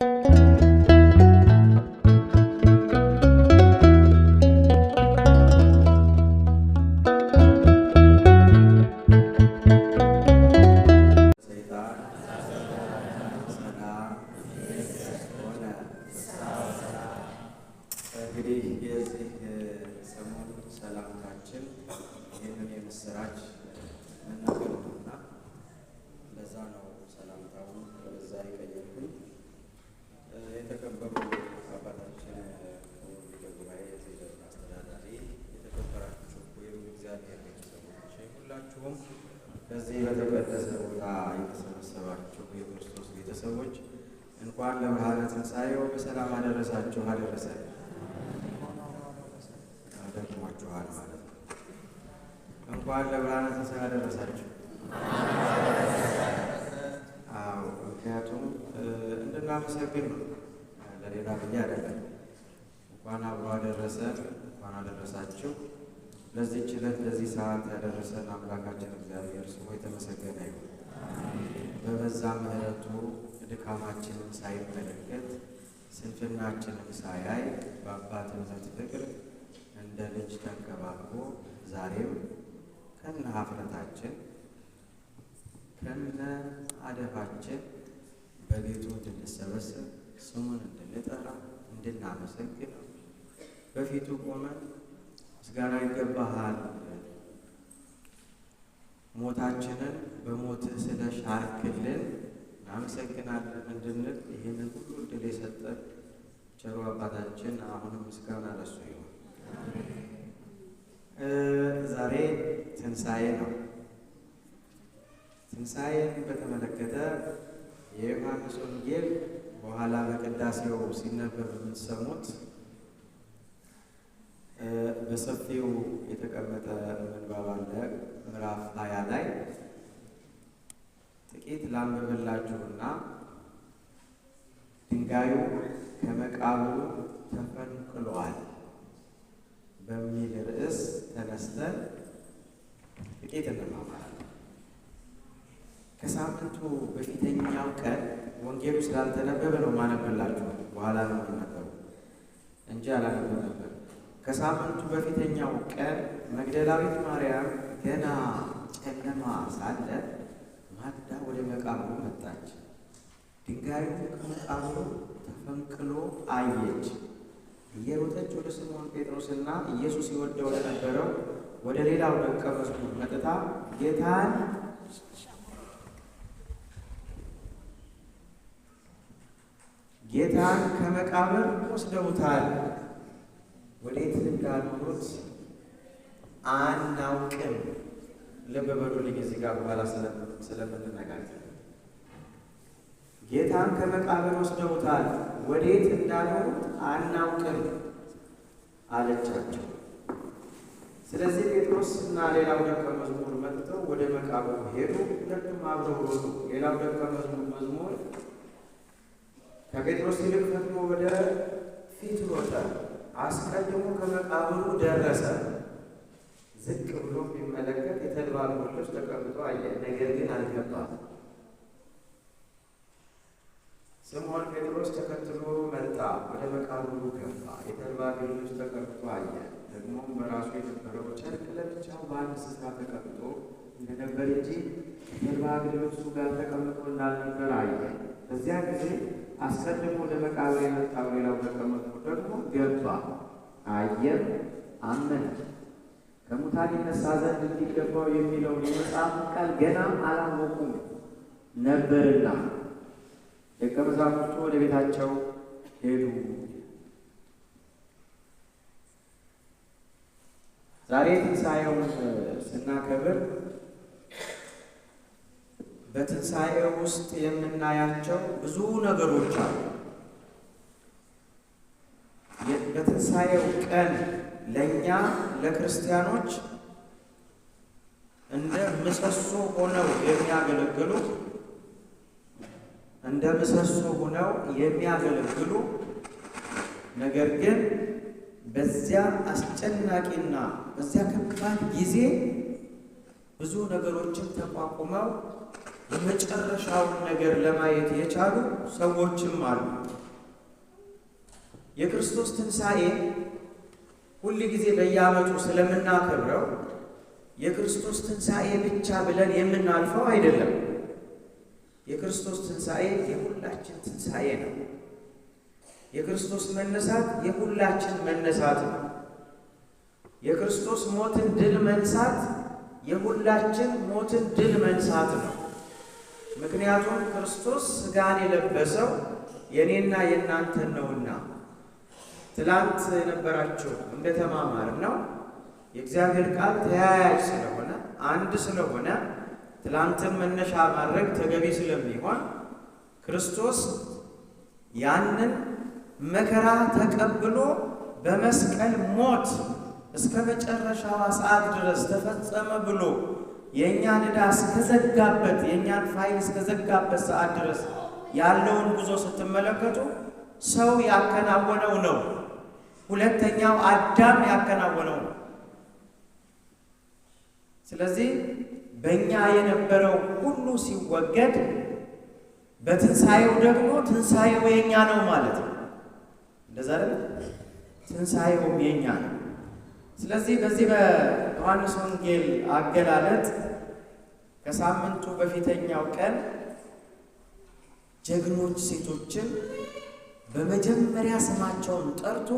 Thank you. አደረሰ አደርሟችኋል ማለት ነው። እንኳን ለብርሃነ ትንሣኤ አደረሳችሁ። አዎ ምክንያቱም እንድናመሰግን ነው፣ ለሌላ ብዬ አይደለም። እንኳን አብሮ አደረሰ፣ እንኳን አደረሳችሁ። ለዚህች ዕለት ለዚህ ሰዓት ያደረሰን አምላካችን እግዚአብሔር ስሙ የተመሰገነ ይሁን። በበዛ ምሕረቱ ድካማችንን ሳይመለከት ስንፍናችንን ሳያይ በአባትነት ፍቅር እንደ ልጅ ተንከባክቦ ዛሬም ከነ ሀፍረታችን ከነ አደፋችን በቤቱ እንድንሰበስብ ስሙን እንድንጠራ እንድናመሰግን በፊቱ ቆመን ምስጋና ይገባሃል ሞታችንን በሞት ስለሻርክልን እናመሰግናለን እንድንል ይህንን ሁሉ እድል የሰጠን ቸሩ አባታችን አሁንም ምስጋና ለሱ ይሁን። ዛሬ ትንሣኤ ነው። ትንሣኤን በተመለከተ የዮሐንስ ወንጌል በኋላ በቅዳሴው ሲነበብ የምትሰሙት በሰፊው የተቀመጠ ምንባብ አለ ምዕራፍ ላንብብላችሁና ድንጋዩ ከመቃብሩ ተፈንቅሏል በሚል ርዕስ ተነስተን ጥቂት እንማማራለን። ከሳምንቱ በፊተኛው ቀን ወንጌሉ ስላልተነበበ ነው ማነብላችሁ። በኋላ ነው ነበሩ እንጂ አላነበብ ነበር። ከሳምንቱ በፊተኛው ቀን መግደላዊት ማርያም ገና ጨለማ ሳለ ማግዳ ወደ መቃብሩ መጣች። ድንጋዩ ከመቃብሩ ተፈንቅሎ አየች። እየሮጠች ወደ ስምዖን ጴጥሮስና ኢየሱስ ይወደው ወደ ነበረው ወደ ሌላው ደቀ መዝሙር መጥታ ጌታን ጌታን ከመቃብር ወስደውታል፣ ወዴት እንዳኖሩት አናውቅም ልብ በሉልኝ። እዚህ ጋር በኋላ ስለምንነጋገር ጌታን ከመቃብር ወስደውታል፣ ወዴት እንዳልሆኑ አናውቅም አለቻቸው። ስለዚህ ጴጥሮስ እና ሌላው ደቀ መዝሙር መጥተው ወደ መቃብሩ ሄዱ። ሁለቱም አብረው ሮጡ። ሌላው ደቀ መዝሙር መዝሙር ከጴጥሮስ ይልቅ ፈጥኖ ወደ ፊት ሮጠ፣ አስቀድሞ ከመቃብሩ ደረሰ። ዝቅ ብሎ ቢመለከት የተድባር ምርቶች ተቀምጦ አየ፣ ነገር ግን አልገባም። ስምዖን ጴጥሮስ ተከትሎ መጣ፣ ወደ መቃብሩ ገባ፣ የተልባ ምርቶች ተቀምጦ አየ። ደግሞም በራሱ የነበረው ጨርቅ ለብቻው በአንድ ስፍራ ተቀምጦ እንደነበር እንጂ ከተልባ ግልብሱ ጋር ተቀምጦ እንዳልነበር አየ። በዚያ ጊዜ አስቀድሞ ወደ ለመቃብር የመጣው ሌላው ተቀምጦ ደግሞ ገባ፣ አየም፣ አመነ። ከሙታን ይነሳ ዘንድ እንዲገባው የሚለውን የመጽሐፍ ቃል ገና አላወቁም ነበርና ደቀ መዛሙርቱ ወደ ቤታቸው ሄዱ። ዛሬ ትንሣኤውን ስናከብር በትንሣኤው ውስጥ የምናያቸው ብዙ ነገሮች አሉ። በትንሣኤው ቀን ለእኛ ለክርስቲያኖች እንደ ምሰሶ ሆነው የሚያገለግሉ እንደ ምሰሶ ሆነው የሚያገለግሉ ነገር ግን በዚያ አስጨናቂና በዚያ ከባድ ጊዜ ብዙ ነገሮችን ተቋቁመው የመጨረሻውን ነገር ለማየት የቻሉ ሰዎችም አሉ። የክርስቶስ ትንሣኤ ሁል ጊዜ በየዓመቱ ስለምናከብረው የክርስቶስ ትንሣኤ ብቻ ብለን የምናልፈው አይደለም። የክርስቶስ ትንሣኤ የሁላችን ትንሣኤ ነው። የክርስቶስ መነሳት የሁላችን መነሳት ነው። የክርስቶስ ሞትን ድል መንሳት የሁላችን ሞትን ድል መንሳት ነው። ምክንያቱም ክርስቶስ ሥጋን የለበሰው የእኔና የእናንተን ነውና ትላንት የነበራቸው እንደተማማር ነው። የእግዚአብሔር ቃል ተያያዥ ስለሆነ አንድ ስለሆነ ትላንትን መነሻ ማድረግ ተገቢ ስለሚሆን ክርስቶስ ያንን መከራ ተቀብሎ በመስቀል ሞት እስከ መጨረሻዋ ሰዓት ድረስ ተፈጸመ ብሎ የእኛን ዕዳ እስከዘጋበት የእኛን ፋይል እስከዘጋበት ሰዓት ድረስ ያለውን ጉዞ ስትመለከቱ ሰው ያከናወነው ነው። ሁለተኛው አዳም ያከናወነው ነው። ስለዚህ በእኛ የነበረው ሁሉ ሲወገድ በትንሣኤው ደግሞ ትንሣኤው የኛ ነው ማለት ነው። እንደዛ ትንሣኤውም የኛ ነው። ስለዚህ በዚህ በዮሐንስ ወንጌል አገላለጥ ከሳምንቱ በፊተኛው ቀን ጀግኖች ሴቶችን በመጀመሪያ ስማቸውን ጠርቶ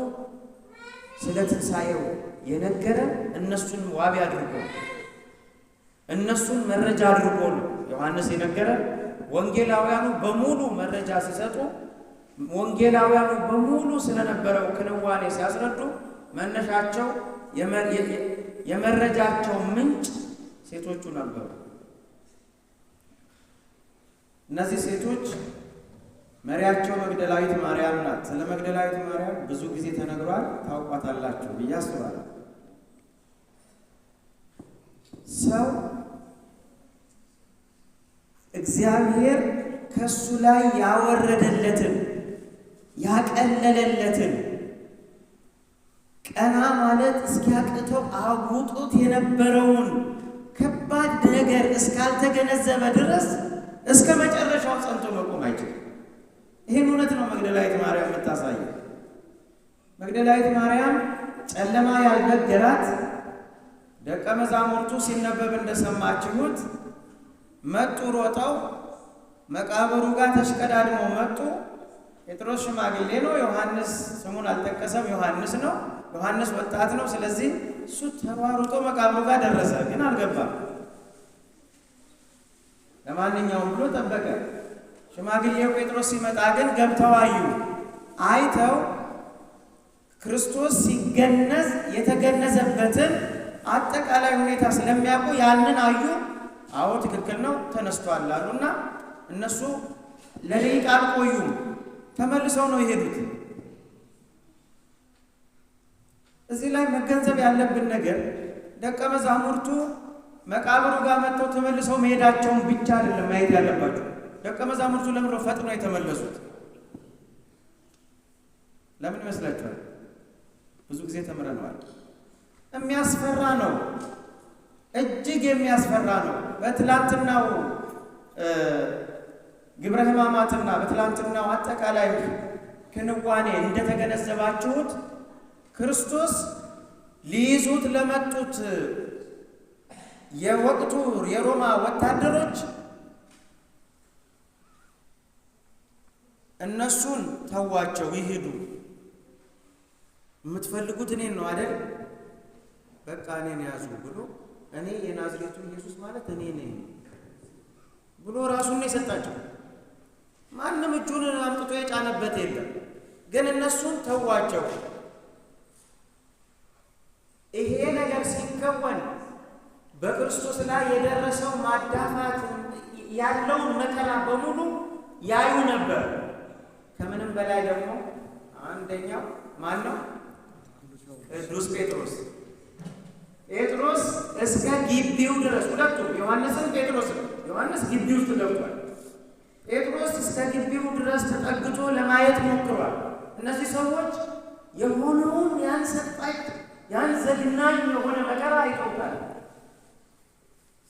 ስለ ትንሣኤው የነገረ እነሱን ዋቢ አድርጎ እነሱን መረጃ አድርጎ ነው ዮሐንስ የነገረ። ወንጌላውያኑ በሙሉ መረጃ ሲሰጡ ወንጌላውያኑ በሙሉ ስለነበረው ክንዋኔ ሲያስረዱ መነሻቸው የመረጃቸው ምንጭ ሴቶቹ ነበሩ። እነዚህ ሴቶች መሪያቸው መግደላዊት ማርያም ናት። ስለ መግደላዊት ማርያም ብዙ ጊዜ ተነግሯል፣ ታውቋታላችሁ ብዬ አስባለሁ። ሰው እግዚአብሔር ከእሱ ላይ ያወረደለትን ያቀለለለትን ቀና ማለት እስኪያቅተው አጉጡት የነበረውን ከባድ ነገር እስካልተገነዘበ ድረስ እስከ መጨረሻው ጸንቶ መቆም አይችልም። መግደላዊት ማርያም የምታሳየው። መግደላዊት ማርያም ጨለማ ያልበገራት ደቀ መዛሙርቱ ሲነበብ እንደሰማችሁት መጡ፣ ሮጠው መቃብሩ ጋር ተሽቀዳድመው መጡ። ጴጥሮስ ሽማግሌ ነው። ዮሐንስ ስሙን አልጠቀሰም። ዮሐንስ ነው። ዮሐንስ ወጣት ነው። ስለዚህ እሱ ተሯሩጦ መቃብሩ ጋር ደረሰ፣ ግን አልገባም። ለማንኛውም ብሎ ጠበቀ። ሽማግሌው ጴጥሮስ ሲመጣ ግን ገብተው አዩ። አይተው ክርስቶስ ሲገነዝ የተገነዘበትን አጠቃላይ ሁኔታ ስለሚያውቁ ያንን አዩ። አዎ ትክክል ነው ተነስቷል አሉና እነሱ ለደቂቃ አልቆዩም፣ ተመልሰው ነው የሄዱት። እዚህ ላይ መገንዘብ ያለብን ነገር ደቀ መዛሙርቱ መቃብሩ ጋር መጥተው ተመልሰው መሄዳቸውን ብቻ አይደለም ማየት ያለባቸው ደቀ መዛሙርቱ ለምን ነው ፈጥኖ የተመለሱት? ለምን ይመስላችኋል? ብዙ ጊዜ ተምረነዋል። የሚያስፈራ ነው፣ እጅግ የሚያስፈራ ነው። በትላንትናው ግብረ ህማማትና በትላንትናው አጠቃላይ ክንዋኔ እንደተገነዘባችሁት ክርስቶስ ሊይዙት ለመጡት የወቅቱ የሮማ ወታደሮች እነሱን ተዋቸው ይሄዱ። የምትፈልጉት እኔን ነው አይደል? በቃ እኔን ያዙ ብሎ እኔ የናዝሬቱ ኢየሱስ ማለት እኔ ነኝ ብሎ ራሱን የሰጣቸው። ማንም እጁን አምጥቶ የጫነበት የለም። ግን እነሱን ተዋቸው። ይሄ ነገር ሲከወን በክርስቶስ ላይ የደረሰው ማዳፋት ያለውን መከራ በሙሉ ያዩ ነበር። ከምንም በላይ ደግሞ አንደኛው ማን ነው? ቅዱስ ጴጥሮስ። ጴጥሮስ እስከ ግቢው ድረስ ሁለቱ ዮሐንስን ጴጥሮስ ነው። ዮሐንስ ግቢ ውስጥ ገብቷል። ጴጥሮስ እስከ ግቢው ድረስ ተጠግቶ ለማየት ሞክሯል። እነዚህ ሰዎች የሆነውን ያን ሰጣይ ያን ዘግናኝ የሆነ መከራ አይተውታል።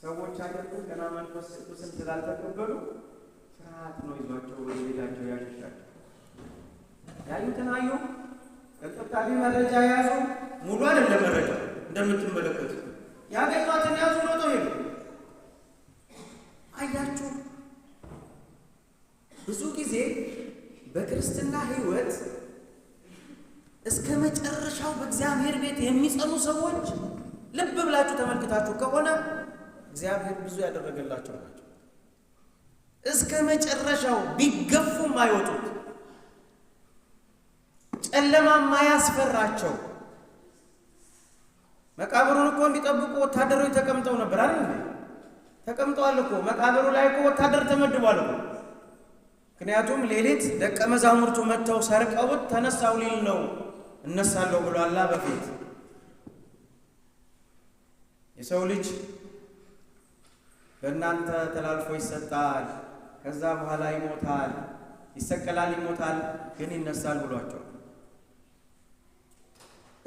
ሰዎች አይደሉም ገና መንፈስ ቅዱስን ስላልተቀበሉ ፍርሃት ነው ይዟቸው ወደ ቤታቸው ያሸሻቸው። ያዩትን አዩ፣ በጥብጣቢ መረጃ የያዙ ሙሉ አይደለም መረጃ እንደምትመለከቱ ያገኟትን ያዙ ሮጦ ሄዱ። አያችሁ ብዙ ጊዜ በክርስትና ህይወት እስከ መጨረሻው በእግዚአብሔር ቤት የሚጸኑ ሰዎች ልብ ብላችሁ ተመልክታችሁ ከሆነ እግዚአብሔር ብዙ ያደረገላቸው ናቸው። እስከ መጨረሻው ቢገፉም አይወጡ ጨለማም አያስፈራቸው። መቃብሩን እኮ እንዲጠብቁ ወታደሮች ተቀምጠው ነበር አይደል? ተቀምጠዋል እኮ መቃብሩ ላይ እኮ ወታደር ተመድቧል እኮ። ምክንያቱም ሌሊት ደቀ መዛሙርቱ መጥተው ሰርቀውት ተነሳው ሊል ነው። እነሳለሁ ብሎ አላ በፊት የሰው ልጅ በእናንተ ተላልፎ ይሰጣል፣ ከዛ በኋላ ይሞታል፣ ይሰቀላል፣ ይሞታል፣ ግን ይነሳል ብሏቸው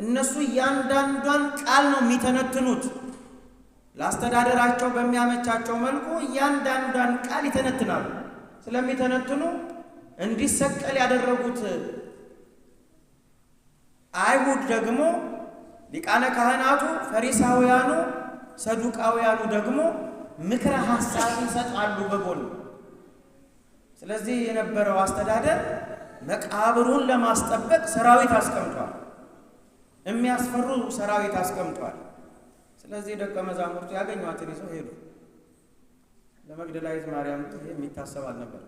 እነሱ እያንዳንዷን ቃል ነው የሚተነትኑት። ለአስተዳደራቸው በሚያመቻቸው መልኩ እያንዳንዷን ቃል ይተነትናሉ። ስለሚተነትኑ እንዲሰቀል ያደረጉት አይሁድ ደግሞ ሊቃነ ካህናቱ፣ ፈሪሳውያኑ፣ ሰዱቃውያኑ ደግሞ ምክረ ሐሳብ ይሰጣሉ በጎን ስለዚህ የነበረው አስተዳደር መቃብሩን ለማስጠበቅ ሰራዊት አስቀምጧል። የሚያስፈሩ ሰራዊት አስቀምጧል። ስለዚህ ደቀ መዛሙርቱ ያገኟትን ይዘው ሄዱ። ለመግደላዊት ማርያም ይሄ የሚታሰብ አልነበር።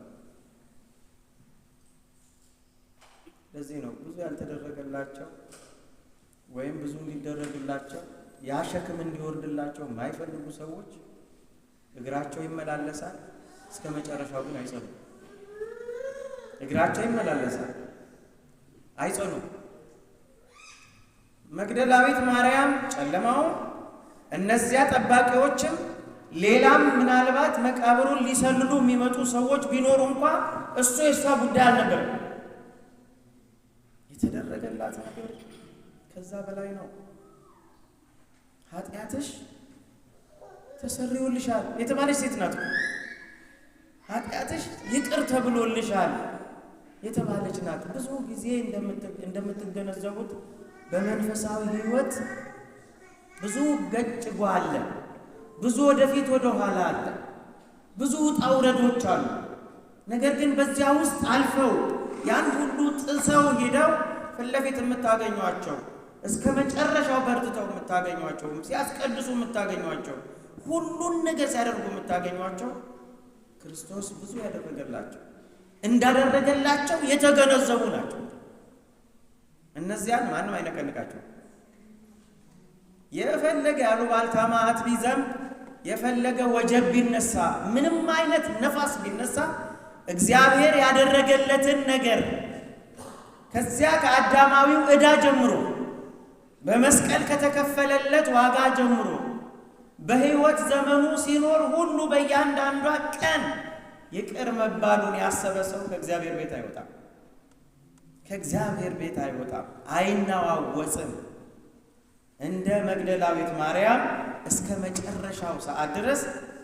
ለዚህ ነው ብዙ ያልተደረገላቸው ወይም ብዙ እንዲደረግላቸው ያ ሸክም እንዲወርድላቸው የማይፈልጉ ሰዎች እግራቸው ይመላለሳል፣ እስከ መጨረሻው ግን አይጸኑም። እግራቸው ይመላለሳል፣ አይጸኑም። መግደላዊት ማርያም ጨለማው፣ እነዚያ ጠባቂዎችም ሌላም ምናልባት መቃብሩን ሊሰልሉ የሚመጡ ሰዎች ቢኖሩ እንኳ እሱ የእሷ ጉዳይ አልነበርም። የተደረገላት ነገር ከዛ በላይ ነው። ኃጢአትሽ ተሰሪውልሻል የተባለች ሴት ናት። ኃጢአትሽ ይቅር ተብሎልሻል የተባለች ናት። ብዙ ጊዜ እንደምትገነዘቡት በመንፈሳዊ ህይወት ብዙ ገጭጎ አለ። ብዙ ወደፊት ወደ ኋላ አለ። ብዙ ውጣ ውረዶች አሉ። ነገር ግን በዚያ ውስጥ አልፈው ያን ሁሉ ጥሰው ሄደው ፊት ለፊት የምታገኟቸው እስከ መጨረሻው በርትተው የምታገኟቸው ሲያስቀድሱ የምታገኟቸው ሁሉን ነገር ሲያደርጉ የምታገኟቸው ክርስቶስ ብዙ ያደረገላቸው እንዳደረገላቸው የተገነዘቡ ናቸው። እነዚያን ማንም አይነቀንቃቸው። የፈለገ አሉባልታ መዓት ቢዘንብ የፈለገ ወጀብ ቢነሳ ምንም አይነት ነፋስ ቢነሳ እግዚአብሔር ያደረገለትን ነገር ከዚያ ከአዳማዊው ዕዳ ጀምሮ በመስቀል ከተከፈለለት ዋጋ ጀምሮ በሕይወት ዘመኑ ሲኖር ሁሉ በእያንዳንዷ ቀን ይቅር መባሉን ያሰበ ሰው ከእግዚአብሔር ቤት አይወጣም። ከእግዚአብሔር ቤት አይወጣም፣ አይናዋወጽም። እንደ መግደላዊት ማርያም እስከ መጨረሻው ሰዓት ድረስ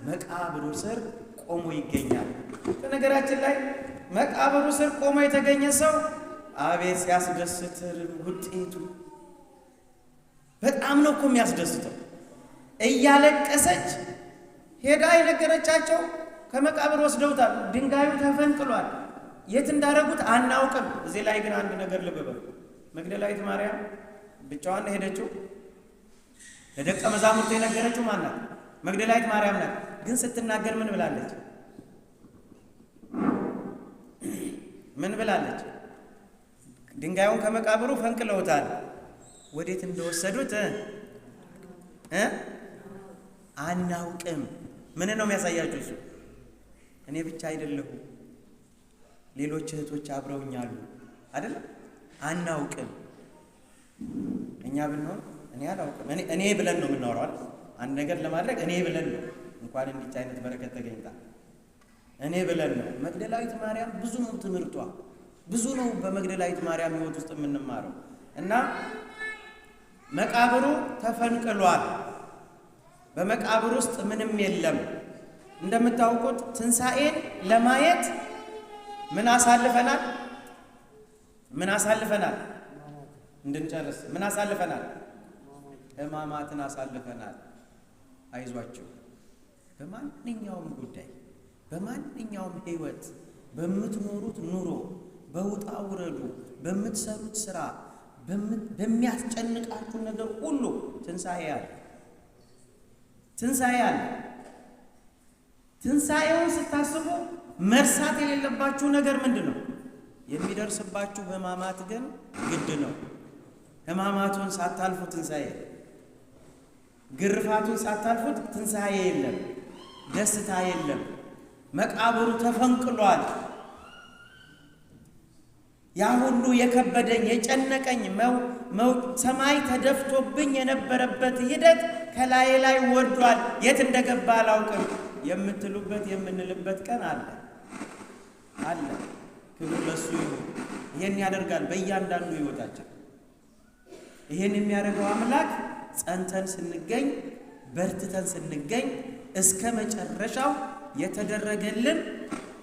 መቃብሩ ስር ቆሞ ይገኛል። በነገራችን ላይ መቃብሩ ስር ቆሞ የተገኘ ሰው አቤት ሲያስደስት ውጤቱ በጣም ነው እኮ የሚያስደስተው። እያለቀሰች ሄዳ የነገረቻቸው ከመቃብር ወስደውታል፣ ድንጋዩ ተፈንቅሏል። የት እንዳደረጉት አናውቅም። እዚህ ላይ ግን አንድ ነገር ልብበ መግደላዊት ማርያም ብቻዋን ሄደችው። ለደቀ መዛሙርቱ የነገረችው ማን መግደላዊት ማርያም ናት። ግን ስትናገር ምን ብላለች? ምን ብላለች? ድንጋዩን ከመቃብሩ ፈንቅለውታል። ወዴት እንደወሰዱት አናውቅም። ምን ነው የሚያሳያችሁ? እሱ እኔ ብቻ አይደለሁም ሌሎች እህቶች አብረውኛሉ አይደል? አናውቅም። እኛ ብንሆን እኔ አላውቅም እኔ ብለን ነው የምናወራው አንድ ነገር ለማድረግ እኔ ብለን ነው እንኳን እንዲች አይነት በረከት ተገኝታ እኔ ብለን ነው። መግደላዊት ማርያም ብዙ ነው ትምህርቷ፣ ብዙ ነው በመግደላዊት ማርያም ህይወት ውስጥ የምንማረው እና መቃብሩ ተፈንቅሏል። በመቃብር ውስጥ ምንም የለም። እንደምታውቁት ትንሣኤን ለማየት ምን አሳልፈናል? ምን አሳልፈናል? እንድንጨርስ ምን አሳልፈናል? ሕማማትን አሳልፈናል። አይዟችሁ በማንኛውም ጉዳይ በማንኛውም ህይወት በምትኖሩት ኑሮ በውጣ ውረዱ በምትሰሩት ስራ በሚያስጨንቃችሁ ነገር ሁሉ ትንሣኤ አለ። ትንሣኤ አለ። ትንሣኤውን ስታስቡ መርሳት የሌለባችሁ ነገር ምንድን ነው? የሚደርስባችሁ ህማማት ግን ግድ ነው። ህማማቱን ሳታልፉ ትንሣኤ፣ ግርፋቱን ሳታልፉት ትንሣኤ የለም፣ ደስታ የለም። መቃብሩ ተፈንቅሏል። ያ ሁሉ የከበደኝ የጨነቀኝ ሰማይ ተደፍቶብኝ የነበረበት ሂደት ከላዬ ላይ ወርዷል። የት እንደገባ አላውቅም የምትሉበት የምንልበት ቀን አለ። አለ። ክብር ለሱ ይሁን። ይሄን ያደርጋል በእያንዳንዱ ህይወታችን። ይሄን የሚያደርገው አምላክ ጸንተን ስንገኝ፣ በርትተን ስንገኝ፣ እስከ መጨረሻው የተደረገልን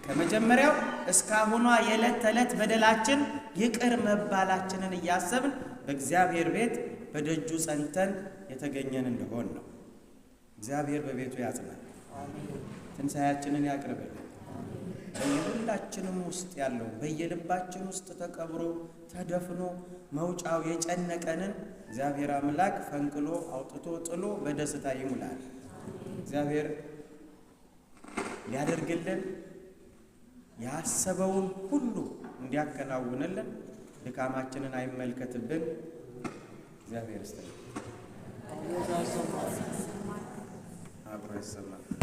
ከመጀመሪያው እስካሁኗ የዕለት ተዕለት በደላችን ይቅር መባላችንን እያሰብን በእግዚአብሔር ቤት በደጁ ጸንተን የተገኘን እንደሆን ነው። እግዚአብሔር በቤቱ ያጽናል። ትንሣኤያችንን ያቅርብልን። በየሁላችንም ውስጥ ያለው በየልባችን ውስጥ ተቀብሮ ተደፍኖ መውጫው የጨነቀንን እግዚአብሔር አምላክ ፈንቅሎ አውጥቶ ጥሎ በደስታ ይሙላል። እግዚአብሔር ሊያደርግልን ያሰበውን ሁሉ እንዲያከናውንልን ድካማችንን አይመልከትብን። እግዚአብሔር ይስጥልን። አብሮ ይሰማል።